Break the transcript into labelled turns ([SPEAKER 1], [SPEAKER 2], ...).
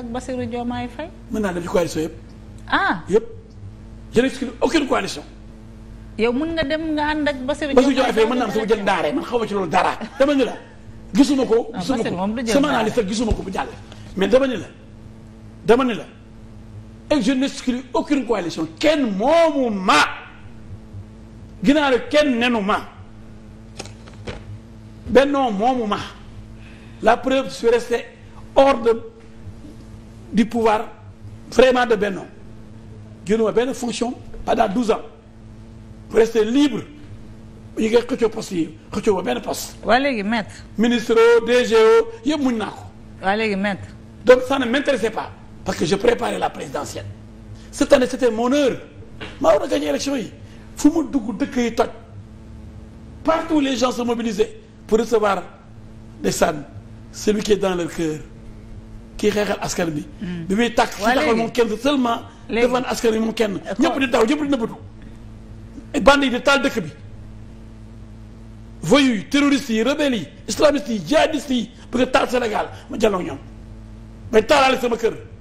[SPEAKER 1] ak Bassirou Diomaye Faye. mën naa dem ci coalition yëpp. Ah.
[SPEAKER 2] yëpp je n'exclus aucune coalition.
[SPEAKER 1] yow mën nga dem nga ànd ak Bassirou Diomaye Faye
[SPEAKER 2] mën naa am sama jël ndaare man xaw ma ci loolu dara dama ni la gisuma ko. Ah, gisuma ko sama analyse sax gisuma ko bu jàll. mais dama ni la dama ni la et je n'exclus aucune coalition kenn moomu ma ginnaaw kenn nenu ma bennoo moomu ma la preuve je suis resté du pouvoir vraiment de Benno génnuma benn fonction pendant douze ans rester libre ñu ngi xëccoo poste yi xëccoo ba benn poste. waa léegi maître. ministre DGO yëpp muñ naa ko. waa léegi maître. donc ça ne m'intéressait pas parce que je préparais la présidentielle cette année c'était mon heure maa war a gagné élection yi fu mu dugg dëkk yi toj partout les gens se mobilisaient pour recevoir ndeysaan celui qui est dans leur cœur kii xeexal askan bi mm. bi muy tàkk ci taxawal moom kenn seulement devant askan bi moom kenn ñëpp di daw ñëpp di nëbbatu bande yi di taal dëkk bi voyous yi terroristes yi rebelles yi islamistes yi jihadistes yi bëgg taal Sénégal ma jàlloog ñoom bay taalaale sama kër